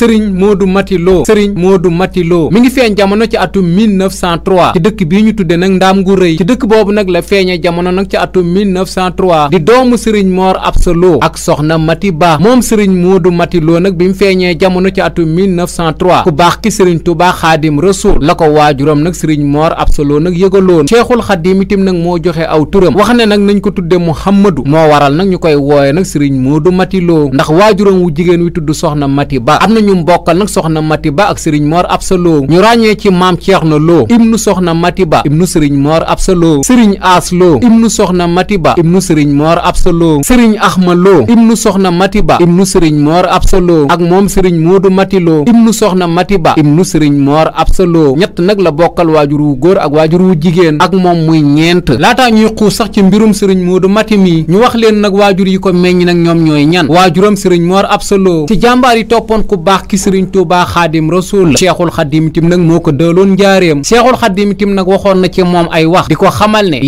sëriñ moo du Lo sëriñ Modou Mati Lo mi ngi feeñ jamono ci atum 1903 ci dëkk bi ñu tudde nag ndaam gu rëy ci dëkk boobu nag la feeñee jamono nag ci atum 1903 di doomu sëriñ Mor Absa Lo ak soxna Mati Ba moom sëriñ moo du Lo nag bi mu feeñee jamono ci atum 1903 ku baax ki sëriñ Touba Xaadim Rasuul la ko waajuram nag sëriñ Mor Absa Lo nag yëgaloon Cheikhul Xaadim itam nag moo joxe aw turam wax ne nag nañ ko tudde Muhammadu moo waral nag ñu koy wooye nag sëriñ moo du matiloo ndax waajuram wu jigéen wi tudd soxna Mati Ba ñu mbokkal nag soxna mati ba ak sëriñ moor absa lo ñu ràññee ci maam ceerno loo ibnu soxna mati ba ibnu sëriñ moor absa lo sëriñ aas loo ibnu soxna mati ba ibnu sëriñ moor absa lo sëriñ axma loo ibnu soxna mati ba ibnu sëriñ moor absa lo ak moom sëriñ moodu mati loo ibnu soxna ba ibnu sëriñ moor absa lo ñett nag la bokkal waajur wu góor ak waajur wu jigéen ak moom muy ñeent laataa ñuy xuus sax ci mbirum sëriñ moodu mati mii ñu wax leen nag waajur yi ko meññ nag ñoom ñooy ñan waajuram sëriñ moor absa lo ci jàmbaar yi toppoon ku baax baax ki sëriñ Tuubaa xaadim rasul Seexul Xaadim itam nag moo ko dëloon njaareem Seexul Xaadim itam nag waxoon na ci moom ay wax di ko xamal ne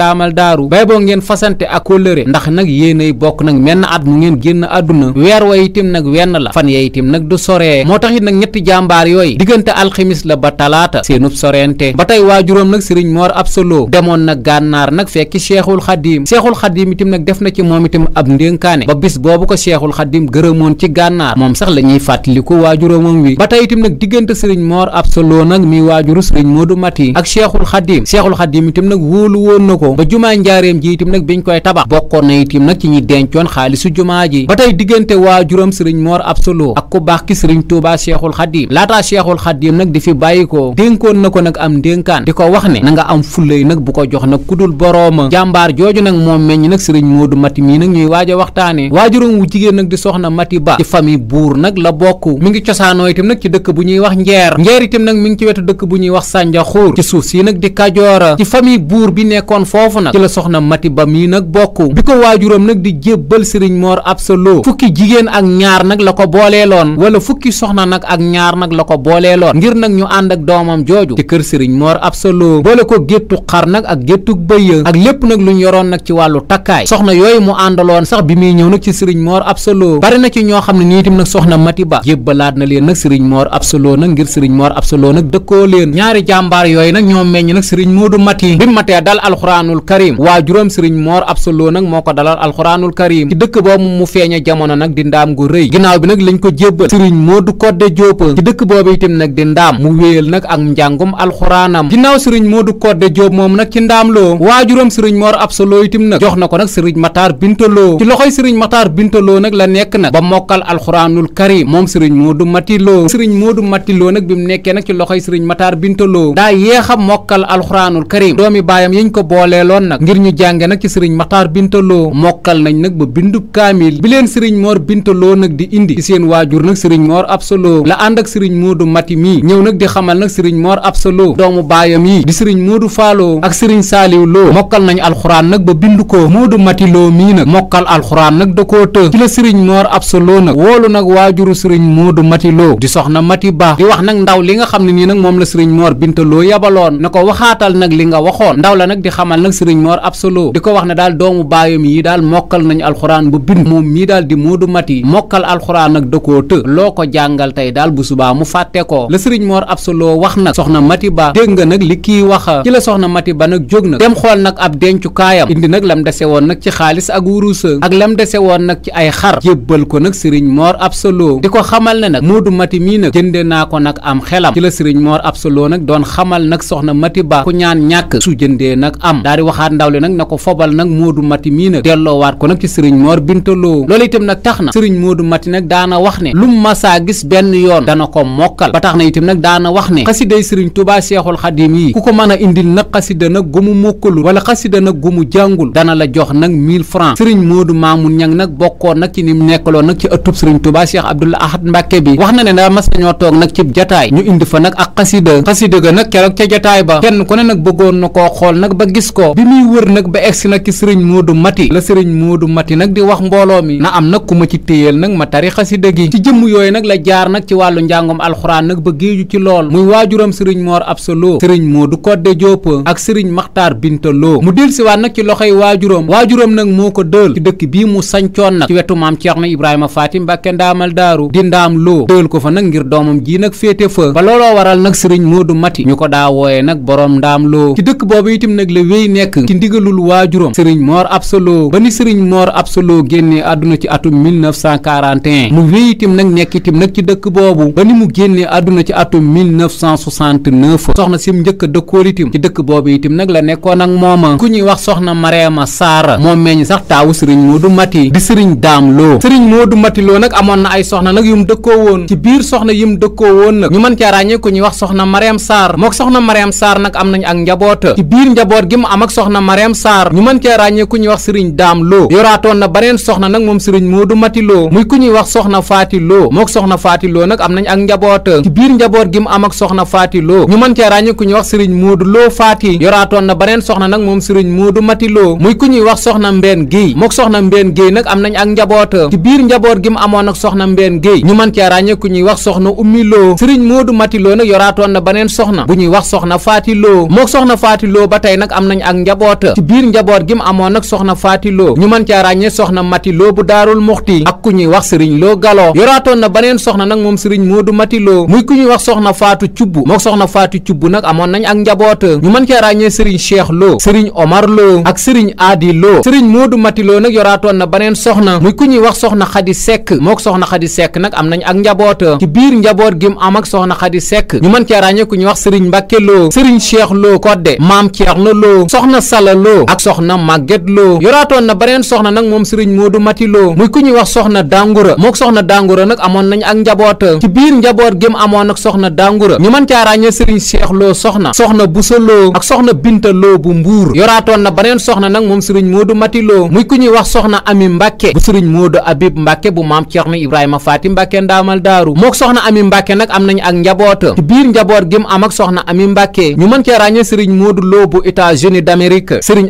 ndaamal daaru bay boo ngeen fasante ak kóllëre ndax nag yéenay bokk nag menn at mu ngeen génn àdduna weer wa itam nag wenn la fan ya itam nag du soree moo tax it nag ñetti jàmbaar yooyu diggante alximis la ba talaata seenub sorente ba tey waajuram nag sëriñ Moor Absa Lo demoon nag gànnaar nag fekki Seexul Xaadim Seexul Xaadim itam nag def na ci moom itam ab ndénkaane ba bis boobu ko Seexul Xaddim gërëmoon ci gànnaar moom sax la ñuy fàttaliku waajuramam wi ba tey itam nag diggante sëriñ Mor Absa Lo nag mi waajuru sëriñ Modou Mati ak Seexul Xaddim Seexul Xaddim itam nag wóolu woon na ko ba jumaa njaareem ji itam nag biñ koy tabax bokkoon na itam nag ci ñi dencoon xaalisu jumaa ji ba tey diggante waajuram sëriñ moor Absa Lo ak ku baax ki sëriñ Tuubaa Seexul Xaddim laataa Seexul Xaddim nag di fi bàyyi ko dénkoon na ko nag am dénkaan di ko wax ne na nga am fullay nag bu ko jox nag ku dul borooma jàmbaar jooju nag moom meññ nag sëriñ Modou Mati mii nag ñuy waajuram wu jigéen nag di soxna Mati Ba ci famille buur nag la bokk mi ngi cosaanoo itam nag ci dëkk bu ñuy wax njeer njeer itam nag mu ngi ci wetu dëkk bu ñuy wax sànjaxuur ci suuf si nag di kajoora ci famille buur bi nekkoon foofu nag ci la soxna Mati Ba mii nag bokk bi ko waajuram nag di jébbal sëriñ Mor Absa Lo fukki jigéen ak ñaar nag la ko booleeloon wala fukki soxna nag ak ñaar nag la ko booleeloon ngir nag ñu ànd ak doomam jooju ci kër sëriñ Mor Absa Lo boole ko géttu xar nag ak géttu bëy ak lu ñu yoroon ci wàllu takkaay sëriñ Mor Absa bari na ci ñoo xam ne nii itam nag soxna Mati Ba jébbalaat na leen nag sëriñ Mor Absa Lo nag ngir sëriñ Mor Absa nag dëkkoo leen ñaari jàmbaar yooyu nag ñoo meññ nag sëriñ Moodu Mati bi matee dal alxuraanul karim waajuram sëriñ Mor Absa Lo nag moo ko dalal alxuraanul karim ci dëkk boobu mu feeñe jamono nag di ndaam gu rëy ginnaaw bi nag lañ ko jébbal sëriñ Moodu Kodde Diop ci dëkk boobu itam nag di ndaam mu wéyal nag ak njàngum alxuraanam ginnaaw sëriñ Moodu Kodde Diop moom nag ci ndaam loo waajuram sëriñ Mor Absa Lo itam nag jox na ko nag sëriñ Matar Bintaloo loo nag la nekk nag ba mokkal alxuraanul karim moom sëriñ moodu mati loo sëriñ moodu mati loo nag bi mu nekkee nag ci loxo loxoy sëriñ mataar bintaloo daa yéex a mokkal alxuraanul karim doomi baayam yiñ ko booleeloon nag ngir ñu jànge nag ci mataar bintaloo mokkal nañ nag ba bindub kaamil bi leen sëriñ moor bintaloo nag di indi ci seen waajur nag sëriñ moor absaloo la ànd ak sëriñ moodu mati mii ñëw nag di xamal nag sëriñ moor absaloo doomu baayam yi di sëriñ moodu faaloo ak sëriñ saaliw loo mokkal nañ alxuraan nag ba bind ko moodu mati loo mii nag mokkal loo të ci la sëriñ moor absa loo nag woolu nag waajuru sëriñ moodu mati loo di soxna mati ba di wax nag ndaw li nga xam ne nii nag moom la sëriñ moor binta loo yabaloon na ko waxaatal nag li nga waxoon ndaw la nag di xamal nag sëriñ moor absa loo di ko wax ne daal doomu baayam yi daal mokkal nañu alxuraan bu bind moom mii daal di moodu mati mokkal alxuraan nag da koo të loo ko jàngal tey daal bu subaa mu fàtte ko la sëriñ moor absa loo wax nag soxna mati ba dégg nga nag li kii wax ci la soxna mati ba nag jóg nag dem xool nag ab dencukaayam indi nag lam dese woon nag ci xaalis ak wurusa ak lam dese waxtaan nag ci ay xar jébbal ko nag sëriñ Mor Absa Lo di ko xamal ne nag moodu Mati mii nag jënde naa ko nag am xelam ci la sëriñ Mor Absa Lo nag doon xamal nag soxna Mati Ba ku ñaan ñàkk su jëndee nag am daa di waxaat ndaw li nag na ko fobal nag Modou Mati mii nag delloowaat ko nag ci sëriñ Mor Binta Lo loolu itam nag tax na sëriñ Modou Mati nag daana wax ne lu masaa gis benn yoon dana ko mokkal ba tax na itam nag daana wax ne xasiday sëriñ Tuubaa Seexul Xadim yi ku ko mën a indil nag xasida nag gumu mokkalul wala xasida nag gumu jàngul dana la jox nag 1000 sëriñ Modou Mamoun Ñang nag nag bokkoon nag ci ni mu nekkaloon nag ci ëttub sëriñ Tuubaa Cheikh Abdoul Ahad Mbàkke bi wax na ne daa mas nañoo toog nag cib jataay ñu indi fa nag ak xasida xasida kenn ku ne nag bëggoon na koo xool nag ba gis ko bi muy wër nag ba egsi nag ci sëriñ Moodu Mati la sëriñ Moodu Mati nag di wax mbooloo mi na am nag ku ma ci téyeel nag ma tari xasida gi ci jëm yooyu nag la jaar nag ci wàllu njàngom alxuraan nag ba géeju ci lool muy waajuram sëriñ Moor Absolo sëriñ Moodu Kodde Diop ak sëriñ Maxtaar Bintaloo mu dellusiwaat nag ci loxoy waajuram waajuram nag moo ko dël ci dëkk coon nag ci wetu maam Ceerno Ibrahima Faati Mbàkke ndaamal daaru di ndaam loo dëwal ko fa nag ngir doomam ji nag féete fa ba looloo waral nag sëriñ Moodu Mati ñu ko daa wooye nag boroom ndaam loo ci dëkk boobu itam nag la wéy nekk ci ndigalul waajuram sëriñ Moor Absa Lo ba ni sëriñ Moor Absa Lo génnee àdduna ci atum 1941 mu wéy itam nag nekk itam nag ci dëkk boobu ba ni mu génnee àdduna ci atum 1969 soxna sim njëkk a dëkkool itam ci dëkk boobu itam nag la nekkoon ak mooma ku ñuy wax soxna Mareema Saara moom meññ sax taawu sëriñ Moodu Mati sëriñ daam loo sëriñ moodu mati loo nag amoon na ay soxna nag yu mu dëkkoo woon ci biir soxna yi mu dëkkoo woon nag ñu mën caa ràññee ku ñuy wax soxna mariam saar mook soxna mariam saar nag am nañ ak njaboota ci biir njaboot gi mu am ak ñu mën caa ràññee ku ñuy wax sëriñ daam loo yoraatoon na baneen soxna nag moom sëriñ moodu mati loo muy ku ñuy wax soxna faati loo mook soxna faati loo nag am nañ ak njaboota ci biir njaboot gi mu am ak soxna faati loo ñu mën caa ku ñuy wax sëriñ moodu loo faati yoraatoon na baneen soxna nag moom sëriñ moodu mati am nañ ak ci biir njaboot gi mu amoon ak soxna Mbeen Géey ñu mën cee ràññee ku ñuy wax soxna Ummi Loo sëriñ Moodu Mati Loo nag yoraatoon na baneen soxna bu ñuy wax soxna Faati Loo mook soxna Faati Loo ba tey nag am nañ ak njaboota biir njaboot gi mu amoon nag soxna Faati Loo ñu man cee ràññee soxna Mati Loo bu Daarul Muxti ak ku ñuy wax sëriñ Loo Galo yoraatoon na baneen soxna nag moom sëriñ Moodu Mati Loo muy ku ñuy wax soxna Faatu Cubb mook soxna Faatu Cubb nag amoon nañ ak njaboota ñu mën cee ràññee sëriñ Cheikh Loo sëriñ na soxna muy ku ñuy wax soxna xadi sekk mook soxna xadi sekk nag am nañ ak njaboot ci biir njaboot gi mu am ak soxna xadi sekk ñu mën cee ràññee ku ñuy wax sëriñ mbàkke loo sëriñ cheikh loo kodde maam ceerno loo soxna sala loo ak soxna màgget loo yoraatoon na beneen soxna nak moom sëriñ moodu mati loo muy ku ñuy wax soxna dàngura mook soxna dàngura nag amoon nañ ak njaboot ci biir njaboot gi mu amoon ak soxna dàngura ñu man cee ràññee sëriñ cheikh loo soxna soxna busa ak soxna binta bu mbuur yoraatoon na beneen soxna nag moom sëriñ moodu mati loo Mbàkke bu sëriñ Moodu Abib Mbàkke bu maam Ceerno Ibrahima Faati Mbàkke ndaamal daaru mook soxna Ami Mbàkke nag am nañu ak njaboot ci biir njaboot gi mu am ak soxna Ami Mbàkke ñu mën cee ràññee sëriñ Moodu Lo bu États-Unis d'Amérique sëriñ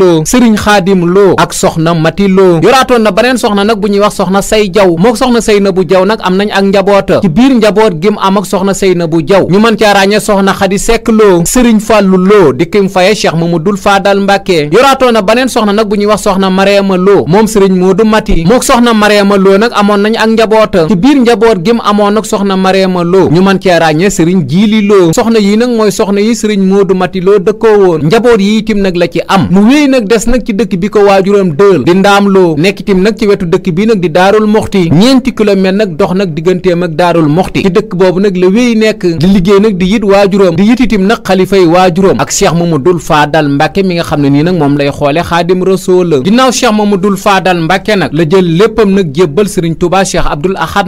Lo sëriñ Xaadim Lo ak soxna Lo yoraatoon na beneen soxna nag bu ñuy wax soxna Say Jaw mook soxna Seynabu Jaw nag am nañ ak njaboot ci biir njaboot gi am ak soxna say na bu Jaw ñu mën cee ràññee soxna Xadi Sekk Lo sëriñ Fàllu Lo di kim mu Cheikh Mamadul Faadal Mbàkke yoraatoon na beneen soxna nag bu ñuy wax soxna Mareema Lo moom sëriñ Modou Mati mook soxna Mariama Lo nag amoon nañu ak njaboot ci biir njaboot gim amoon nag soxna Mariama Lo ñu mën cee ràññee sëriñ Jiili Lo soxna yi nag mooy soxna yi sëriñ Modou Mati Lo dëkkoo woon njaboot yi itim nag la ci am mu wéy nag des nag ci dëkk bi ko waajuram dël di ndaam loo nekk itim nag ci wetu dëkk bi nag di daarul moxti ñeenti kilomètre nag dox nag digganteem ak daarul moxti ci dëkk boobu nag la wéy nekk di liggéey nag di yit waajuram di yit itim nag xalifay waajuram ak cheikh mamadul faadal mbàkke mi nga xam ne nii nag moom lay xoole xaadim rasool ginnaaw cheikh mamadul faadal Fadal Mbàkke nag la jël léppam nag jébbal sëriñ Touba Cheikh Abdoul Ahad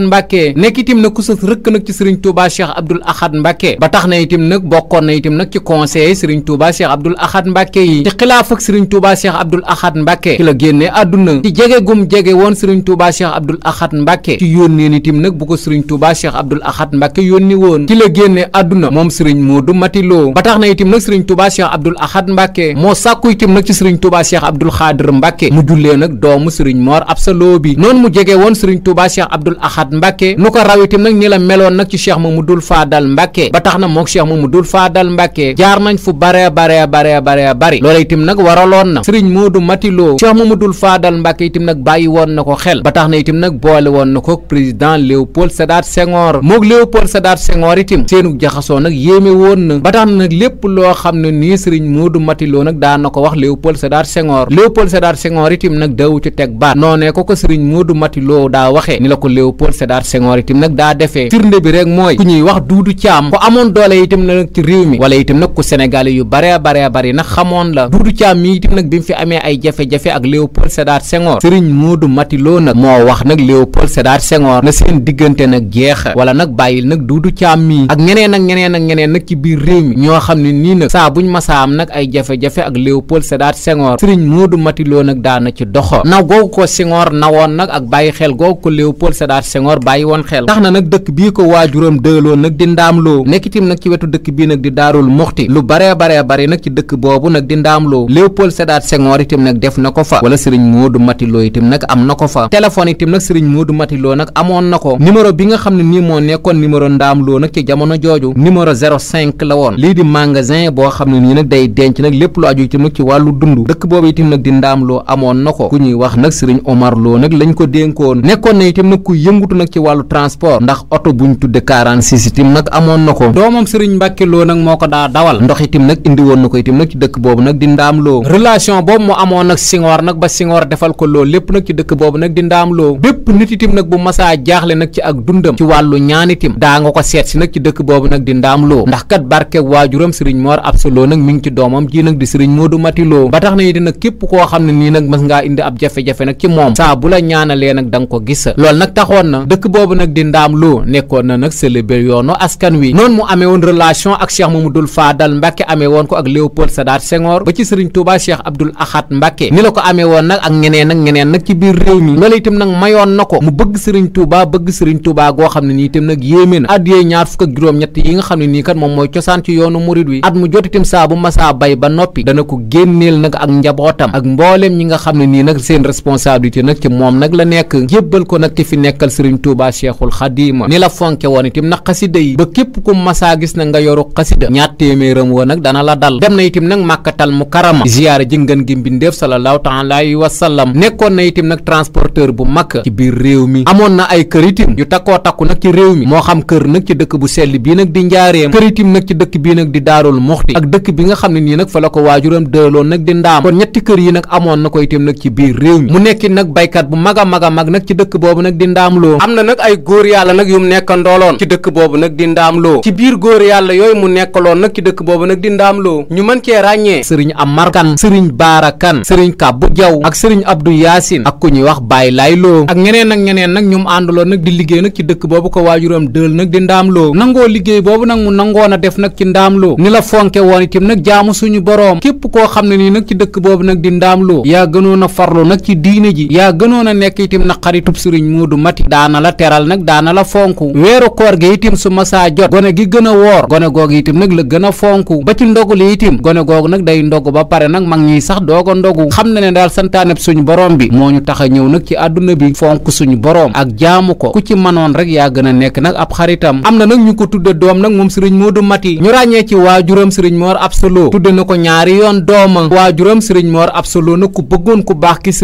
nekk itim nag ku sës nag ci sëriñ Touba Cheikh Abdoul Ahad Mbàkke ba tax na itim nag bokkoon na itim nag ci conseil sëriñ Touba Cheikh Abdoul Ahad Mbàkke yi ci xilaaf ak sëriñ Touba Cheikh Abdoul Ahad Mbàkke ki la ci jege gum jege woon sëriñ Touba Cheikh Abdoul Ahad Mbàkke ci yónneen itim nag bu ko sëriñ Touba Cheikh Abdoul Ahad Mbàkke yónni woon ki la génne àdduna moom sëriñ Modou Matiloo ba tax na itim nag sëriñ Touba Cheikh Abdoul Ahad Mbàkke moo sàkku mu sëriñ moor absa loobi noonu mu jege woon sëriñ tuuba cheikh abdul ahad mbàkke nu ko rawitim nag ni la meloon nag ci cheikh mamadul faadal mbàkke ba tax na mook cheikh mamadul faadal mbàkke jaar nañ fu bare bare bare bare bari loola itam nag waraloon na sëriñ moodu matiloo cheikh mamadul faadal mbàkke itam nag bàyyi woon na ko xel ba na itam nag boole woon na ko président léopold sédar senghor mook léopold sédar senghor itam seenu jaxasoo na ba tax na nag lépp loo xam ne nii sëriñ moodu matiloo nag na ko wax léopold sédar senghor léopold fi teg baat noonee ko ko sëriñ Modou Mati Lo daa waxee ni la ko Léopold Sédar Senghor nag daa defee firnde bi rek mooy ku ñuy wax duudu caam ko amoon doole itam nag ci réew mi wala itam nag ku yu bare bare bari nag xamoon la duudu caam mi itam bi mu fi amee ay jafe-jafe ak Léopold Sédar Senghor sëriñ Modou Mati Lo nag moo wax nag Léopold Sédar Senghor na seen diggante nag jeex wala nag bàyyil nag duudu caam mii ak ñeneen ak ñeneen ak ñeneen nag ci biir réew mi ñoo xam ne nii nag saa buñ am nag ay jafe-jafe ak Léopold Sédar Senghor sëriñ Modou Mati Lo nag daana ci doxo ginnaaw googu ko na nawoon nag ak bàyyi xel googu ko Léopold Sédar Senghor bàyyi woon xel tax na nag dëkk bii ko waajuram dëloo nag di ndaamloo nekkitim nag ci wetu dëkk bii nag di daarul muxti lu bare baree bari nag ci dëkk boobu nag di ndaamloo Léopold Sédar Senghor itam nag def na ko fa wala sëriñ Modou Matiloo itam nag am na ko fa téléphone itam nag sëriñ du Matiloo nag amoon na ko numéro bi nga xam ne nii moo nekkoon numéro ndaamloo nag ci jamono jooju numéro 05 la woon lii di magasin boo xam ne nii nag day denc nag lépp lu aju itam ci wàllu dund dëkk boobu itam nag di ndaamloo amoon na tax nag sëriñ Omar Lo nag lañ ko dénkoon nekkoon na itam nag ku yëngutu nag ci wàllu transport ndax oto buñ tudde 46 itam nag amoon na ko doomam sëriñ Mbàkke loo nag moo ko daa dawal ndox itam nag indi woon na ko itam nag ci dëkk boobu nag di ndaam loo relation boobu mu amoon nag Senghor nag ba Senghor defal ko loolu lépp nag ci dëkk boobu nag di ndaam loo bépp nit itam nag bu masaa jaaxle nag ci ak dundam ci wàllu ñaan itam daa nga ko seet si nag ci dëkk boobu nag di ndaam loo ndax kat barke waajuram sëriñ Mor Absa Lo nag mu ngi ci doomam ji nag di sëriñ Modou Mati Lo ba tax na itam nag koo xam ne nii nag mas ngaa indi ab jafe jafe-jafe nag ci moom saa bu la ñaanalee nag da nga ko gis loolu nag taxoon na dëkk boobu nag di ndaam loo nekkoon nag célébrer yoonu askan wi noonu mu amee relation ak Cheikh Mamadou Fadal Mbacke amee ak ba ci Serigne Touba Cheikh Abdoul Ahad Mbacke ni la ko amee woon nag ak ñeneen ak ñeneen nag ci biir réew mi loolu itam mayoon na ko mu bëgg Serigne Touba bëgg Serigne Touba goo xam ne nii itam nag yéeme na at yee ñaar fukk ak juróom-ñett yi nga xam ne nii kat moom mooy cosaan ci yoonu murid wi at mu jot saa bu masaa bay ba noppi dana ko génneel nag ak njabootam ak mbooleem responsabilité nag ci moom nag la nekk jébbal ko nag ki fi nekkal sëriñ Touba Cheikhul Xadim ni la fonke woon itam nag xasida yi ba képp ku masaa gis na nga yoru xasida ñaat téeméeram woo nag dana la dal dem na itam nag màkkatal mu karama ziyaara ji ngën gi mbindeef sallallahu taala alayhi wa sallam nekkoon na itam nag transporteur bu mag ci biir réew mi amoon na ay kër itam yu takkoo takku nag ci réew mi moo xam kër nag ci dëkk bu sell bii nag di njaareem kër itam nag ci dëkk bii nag di bi nga xam ne nii nag fa la ko waajuram dëloon nag di mu nekki nag baykat bu mag a mag a mag nag ci dëkk boobu nag di ndaamloo am na nag ay góor yàlla nag yu mu nekk ndooloon ci dëkk boobu nag di ndaamloo ci biir góor yàlla yooyu mu nekkaloon nag ci dëkk boobu nag di ndaamloo ñu mën cee ràññee sëriñ Amar Kan sëriñ Baara Kan sëriñ Kàbbu Jaw ak sëriñ Abdu Yaasin ak ku ñuy wax Baay Laay Loo ak ñeneen ak ñeneen nag ñum àndaloon nag di liggéey nag ci dëkk boobu ko waajuram dël nag di ndaamloo nangoo liggéey boobu nag mu nangoon a def nag ci ndaamloo ni la fonke woon itam nag jaamu suñu boroom képp koo xam ci diine ji yaa gënoon a nekk itam na xaritub sëriñ Moodu Mati daana la teral nag daana la fonk weeru koor gi itam su masaa jot gone gi gën a woor gone googu itam nag la gën a fonk ba ci ndogu li itam gone googu nag day ndogu ba pare nag mag ñiy sax doog a ndogu xam na ne daal santaaneb suñu borom bi moo ñu tax a ñëw nag ci àdduna bi fonk suñu borom ak jaamu ko ku ci manoon rek yaa gën a nekk nag ab xaritam am na nag ñu ko tudde doom nag moom sëriñ Moodu Mati ñu ràññee ci waajuram sëriñ Mor Absolo tudde na ko ñaari yoon dooma waajuram sëriñ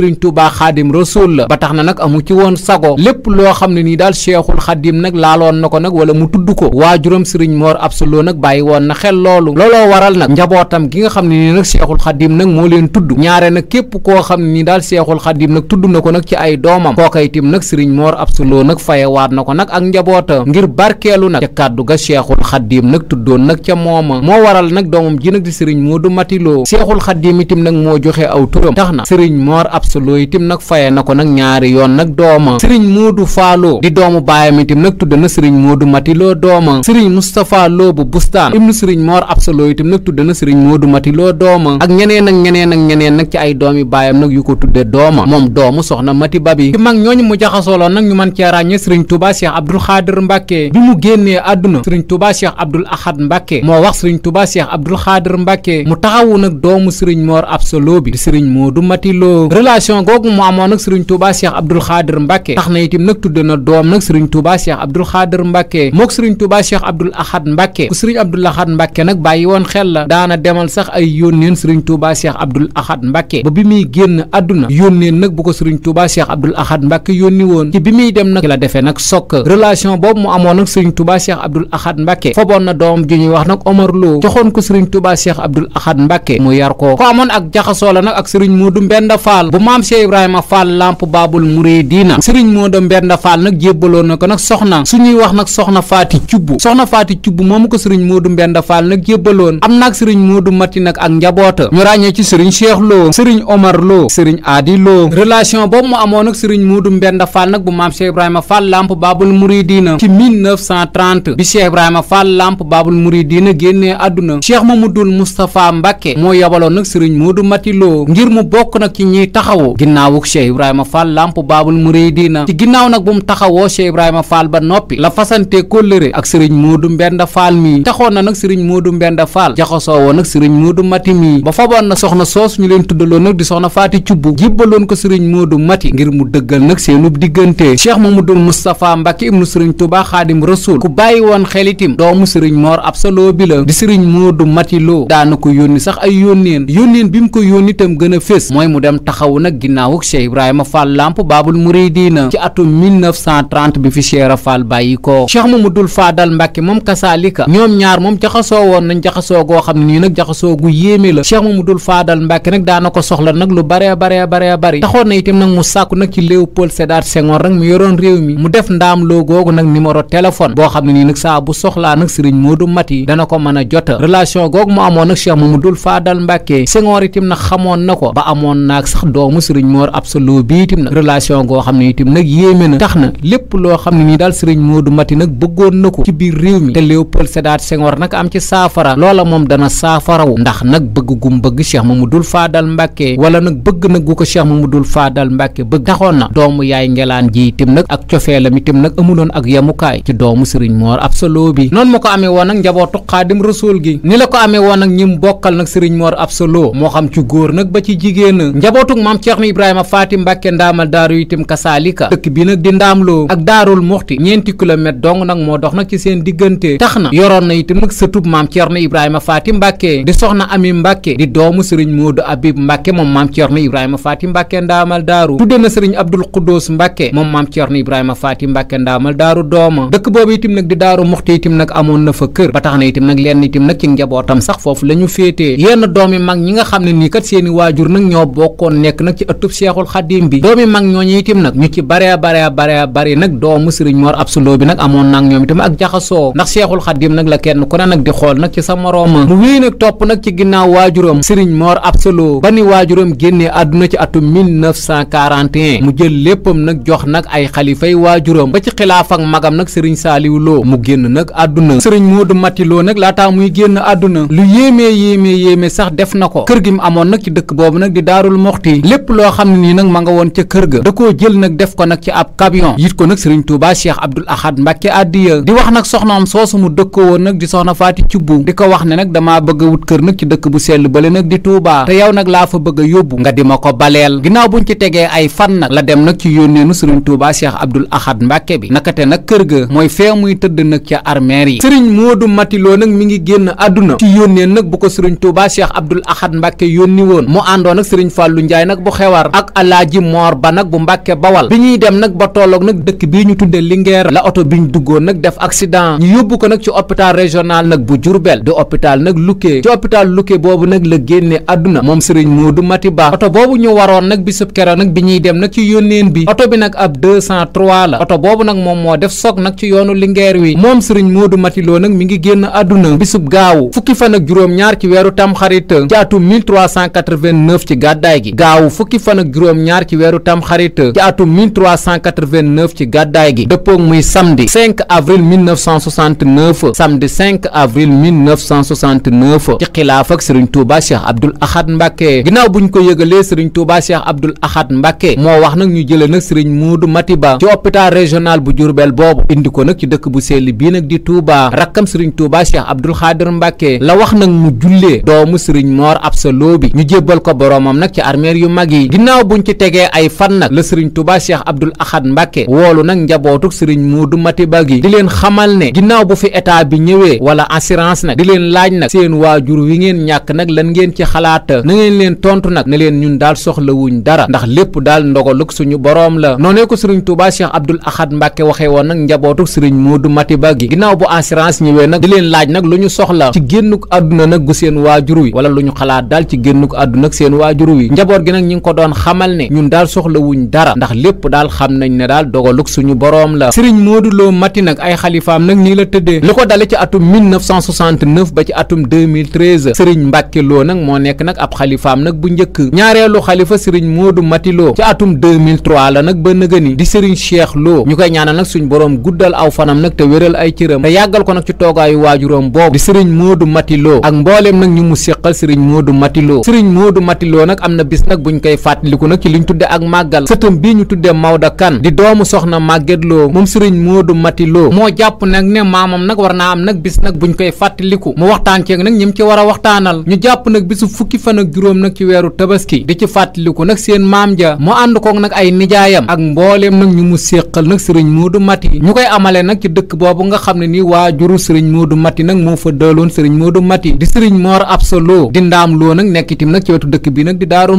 sëriñ Touba xaadim rasul la ba tax na nag amu ci woon sago lépp loo xam ne nii daal cheikhul xaadim nag laaloon na ko nag wala mu tudd ko waajuram sëriñ Mor Absa Lo nag bàyyi woon na xel loolu looloo waral nag njabootam gi nga xam ne nii nag cheikhul xaadim nag moo leen tudd ñaare nag képp koo xam ne nii daal cheikhul xaadim nag tudd na ko nag ci ay doomam kooka itam nag sëriñ Mor Absa Lo nag fayewaat na ko nag ak njabootam ngir barkeelu nag ca kàddu ga cheikhul xaadim nag tuddoon nag ca mooma moo waral nag Lo itam nag faye na ko nag ñaari yoon nag dooma sëriñ Moodu Faalo di doomu baayam itam nag tudd na sëriñ Moodu Mati Lo dooma sëriñ Moustapha Lo bu Bustaan ibnu sëriñ Mor Absa Lo itam nag tudd na sëriñ Moodu Mati Lo dooma ak ñeneen ak ñeneen ak ñeneen nag ci ay doomi baayam nag yu ko tudde dooma moom doomu soxna Mati Babi ci mag ñooñu mu jaxasooloon nag ñu mën cee ràññee sëriñ Touba Cheikh Abdoul Xaadir Mbàkke bi mu génnee àdduna sëriñ Touba Cheikh Abdoul Ahad Mbàkke moo wax sëriñ Touba Cheikh Abdoul Xaadir Mbàkke mu taxawu nag doomu sëriñ Mor Absa Lo bi di Mati Lo relation relation googu mu amoon nag sëriñ Touba Cheikh Abdoul Khadir Mbacke tax na itam nag tudd na doom nag sëriñ Touba Cheikh Abdoul Khadir Mbacke mook sëriñ Touba Cheikh Abdoul Ahad Mbacke ku sëriñ Abdoul Ahad Mbacke nag bàyyi woon xel la daana demal sax ay yónneen sëriñ Touba Cheikh Abdoul Ahad Mbacke ba bi muy génn àdduna yónneen nag bu ko sëriñ Touba Cheikh Abdoul Ahad Mbacke yónni woon ci bi muy dem nag ci la defee nag sokk relation boobu mu amoon nag sëriñ Touba Cheikh Abdoul Ahad Mbacke foboon na doom ju ñuy wax nag Omar Lo joxoon ko sëriñ Touba Cheikh Abdoul Ahad Mbacke mu yar ko maam Cheikh Ibrahima Fall lamp baabul muridiina sëriñ Moodu Mbenda Fall nag jébbaloon na ko nag soxna suñuy wax nag soxna faati cubb soxna faati cubb moomu ko sëriñ Moodu Mbenda Fall nag jébbaloon am nag sëriñ Moodu Mati nag ak njaboota ñu ràññee ci sëriñ Cheikh Lo sëriñ Omar Lo sëriñ Aadi Lo relation boobu mu amoon nag sëriñ Moodu Mbenda Fall nag bu maam Cheikh Ibrahima Fall lamp baabul muridiina ci 1930 bi Cheikh Ibrahima Fall lamp baabul muridiina génnee àdduna Cheikh Mamadul Moustapha Mbacke moo yabaloon nag sëriñ Moodu Mati Lo ngir mu bokk nag ci ñiy taxaw taxawu ginnaawuk Cheikh Ibrahima Fall lamp baabul muridiina ci ginnaaw nag bu mu taxawoo Cheikh Ibrahima Fall ba noppi la fasante kóllëre ak sëriñ Moodu Mbenda Fall mii taxoon na nag sëriñ Moodu Mbenda Fall jaxasoo woon nag sëriñ Moodu Mati mii ba faboon na soxna soos ñu leen tuddaloon nag di soxna Faati Cubb jibbaloon ko sëriñ Moodu Mati ngir mu dëggal nag seenub diggante Cheikh Mamadul Moustapha Mbacke ibnu sëriñ Touba Xaadim Rasul ku bàyyi woon xelitim la di sëriñ Moodu Mati Lo daana ko yónni a ginnaawuk Cheikh Ibrahima Fall Lamp Baabul Muridiina ci atum 1930 bi fi Cheikh Fall bàyyi ko Cheikh Mamadul Faadal Mbàkke Faadal Mbàkke nag daana soxla nag lu bare bare bare bari taxoon na itam nag mu sàkku nag ci Léopold Sédar Senghor nag mu yoroon réew mi mu def ndaam loo googu nag numéro téléphone boo xam ne nii nag saa bu soxlaa nag Sëriñ Moodu Mati dana ko mën a jota relation googu mu amoon nag Cheikh Mamadul Faadal Mbàkke Senghor itam nag xamoon na ko ba amoon sëriñ Mor Absa Lo bi itam nag relation goo xam ne itam nag na tax na loo xam ne nii daal sëriñ Modou Mati nag bëggoon na ko ci biir réew mi te Léopold Sédar Senghor nag am ci saafara loola moom dana saafarawu ndax nag bëgg gum bëgg Cheikh Mamadou Fadal Mbacke wala nag bëgg nag gu ko Cheikh Mamadou Fadal Mbacke bëgg taxoon na doomu yaay ngelaan ji itam nag ak cofeelam itam nag amuloon ak yemukaay ci doomu sëriñ Mor Absa Lo bi noonu ma ko amee woon nag njabootu Xaadim Rasuul gi ni la ko amee woon nag ñim bokkal nag sëriñ Mor Absa Lo moo xam ci góor nag ba ci jigéen njabootug maam Cheikh Ceerno Ibrahima Faati Mbàkke ndaamal daaru itam kasaalika dëkk bi nag di ndaamloo ak daarul muxti ñeenti kilomètre dong nag moo dox nag ci seen diggante tax na yoroon na itam nag sëtub maam Ceerno Ibrahima Faati Mbàkke di soxna Ami Mbàkke di doomu sëriñ Moodu Abib Mbàkke moom maam Ceerno Ibrahima Faati Mbàkke na sëriñ Abdul Xuddoos Mbàkke moom maam Ceerno Ibrahima Faati Mbàkke ndaamal daaru dooma dëkk boobu itam nag di daaru muxti itam nag amoon na fa kër ba tax na itam nag lenn itam nag ci njabootam sax foofu la ñu féetee yenn doomi mag ñi nga xam ne nii kat seeni waajur nag ñoo bokkoon nekk nag ci ëttub seexul xaddiim bi doomi mag ñooñu itam nag ñu ci bare bare bare bare nag doomu sëriñ Mor Absa Ndóo bi nag amoon nag ñoom itam ak jaxasoo ndax seexul xaddiim nag la kenn ku ne nag di xool nag ci sa morooma mu wéy nag topp nag ci ginnaaw waajuram sëriñ Mor Absa Ndóo ba ni waajuram génnee àdduna ci atum 1941 mu jël léppam nag jox nag ay xalifay waajuram ba ci xilaaf ak magam nag sëriñ Saaliw mu génn nag àdduna sëriñ moo Mati Lo nag laataa muy génn àdduna lu yéemee yéemee yéemee sax def na ko kër gi mu amoon nag ci dëkk boobu nag di daarul moxti lépp lépp loo xam ne nii nag ma nga woon ca kër ga da koo jël nag def ko nag ci ab camion yit ko nag sëriñ Touba Cheikh Abdoul Ahad Mbacke addiya di wax nag soxnaam soosu mu dëkkoo woon nag di soxna Faati Cubbu di ko wax ne nag damaa bëgg wut kër nag ci dëkk bu sell bale nag di Touba te yow nag laa fa bëgg a yóbbu nga di ma ko baleel ginnaaw buñ ci tegee ay fan la dem nag ci yónneenu sëriñ Touba Cheikh Abdoul Ahad Mbacke bi nakate nag kër ga mooy fee muy tëdd nag ca armeer yi sëriñ Moodu Matiloo nag mi ngi génn àdduna ci yónneen nag bu ko sëriñ Touba Cheikh Abdoul Ahad Mbacke yónni woon mu àndoon nag sëriñ Fallou njaay nag xewar ak alaaji moor ba nag bu mbàkke bawal bi ñuy dem nag ba tolloog nag dëkk bii ñu tuddee Linguère la oto bi ñu duggoon nag def accident ñu yóbbu ko nag ci hôpital régional nag bu jurubeel di hôpital nag Lukke ci hôpital Lukke boobu nag la génne àdduna moom sëriñ du Mati Ba oto boobu ñu waroon nag bisub keroog nag bi ñuy dem nag ci yónneen bi oto bi nag ab 203 la oto boobu nag moom moo def soog nag ci yoonu Linguère wi moom sëriñ Moodu Mati Lo nag mi ngi génn àdduna bisub gaawu fukki fan ak juróom ci weeru tamxarit ci atum 1389 ci gàddaay gi fukki fan ak juróom-ñaar ci weeru tamxarit ci atum 1389 ci gàddaay gi dëppoog muy samedi 5 avril 1969 samedi 5 avril 1969 ci xilaaf ak Serigne Touba Cheikh Abdoul Ahad Mbacke ginnaaw buñ ko yëgalee Serigne Touba Cheikh Abdoul Ahad Mbacke moo wax nag ñu jëlee ci hôpital régional bu Diourbel boobu indi ko nag ci dëkk bu sell bii nag di Touba rakkam Serigne Touba Cheikh Abdoul Khadir Mbacke la wax nag mu jullee doomu Serigne Mor Absa Lo bi ñu jébbal ko boromam nag ci armeer yu mag yi gi ginnaaw buñ ci tegee ay fan nag la sëriñ Touba Cheikh Abdoul Ahad Mbacke woolu nag njabootuk sëriñ Modou Matiba gi di leen xamal ne ginnaaw bu fi état bi ñëwee wala assurance nag di leen laaj nag seen waajur wi ngeen ñàkk nag lan ngeen ci xalaata na ngeen leen tontu nag ne leen ñun daal soxlawuñ dara ndax lépp daal ndogaluk suñu boroom la noonee ko sëriñ Touba Cheikh Abdoul Ahad Mbacke waxee woon nag njabootuk sëriñ Modou Matiba gi ginnaaw bu assurance ñëwee nag leen laaj nag lu ñu soxla ci génnuk àdduna nag gu seen waajur wi wala lu ñu xalaat daal ci génnuk àdduna ak ko doon xamal ne ñun daal soxlawuñ dara ndax lépp daal xam nañ ne daal dogaluk suñu boroom la Serigne Modou Lo Mati nag ay xalifaam nag nii la tëddee lu ko dale ci atum 1969 ba ci atum 2013 Serigne Mbacke Lo nag moo nekk nag ab xalifaam nag bu njëkk ñaareelu xalifa Serigne Modou Mati Lo ci atum la nag ba nëgëni di Serigne Cheikh Lo ñu koy ñaanal nag suñu boroom guddal aw fanam nag te wéral ay cëram te yàggal ko nag ci toogaayu waajuram boobu di Serigne Modou Mati Lo ak mbooleem nag ñu mu séqal Serigne Modou Mati Lo Serigne Modou Mati Lo nag am koy fàttaliku nag ci li ñu tudde ak màggal sëtam bii ñu tudde Maodo kan di doomu soxna màggetloo Lo moom sëriñ Modou Mati Lo moo jàpp nag ne maamam nag war naa am nag bis nag buñ koy fàttaliku mu waxtaan ceeg nag ñim ci war a waxtaanal ñu jàpp nag bisu fukki fan ak juróom nag ci weeru tabaski di ci fàttaliku nag seen maam ja mu ànd koog nag ay nijaayam ak mbooleem nag ñu mu séqal nag sëriñ du Mati ñu koy amale nag ci dëkk boobu nga xam ne ni waajuru sëriñ du Mati nag moo fa dëloon sëriñ Modou Mati di sëriñ Mor Absa Lo di ndaam loo nag nekk nag ci wetu dëkk bi nag di daaru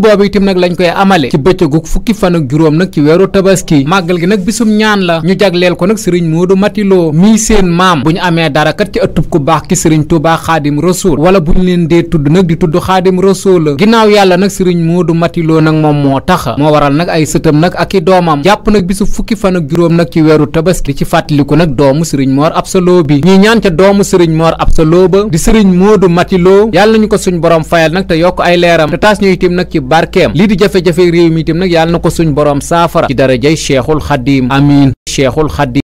boobu itam nag lañu koy amale ci bëccëgu fukki fan ak juróom nag ci weeru tabaski màggal gi nag bisum ñaan la ñu jagleel ko nag sëriñ Moodu Matiloo mii seen maam bu ñu amee dara kat ci ëttub baax ki sëriñ Tuubaa Xaadim Rasuul wala bu leen dee tudd nag di tudd Xaadim Rasuul ginnaaw yàlla nag sëriñ Moodu Matiloo nag moom moo tax moo waral nag ay sëtam nag ak doomam jàpp nag bisu fukki fan ak juróom nag ci weeru tabaski di ci fàttaliku nag doomu sëriñ Moor Absaloo bi ñuy ñaan doomu sëriñ Moor Absaloo ba sëriñ Moodu Matiloo yàlla nañu ko suñ borom fayal nag te yokk ay leeram te taas ñu itim nag ci barkeem lii di jafe-jafe réew mi itam nag yàlla na ko suñ boroom saafara ci darajay cheikhul xadim amin cheikhul xadim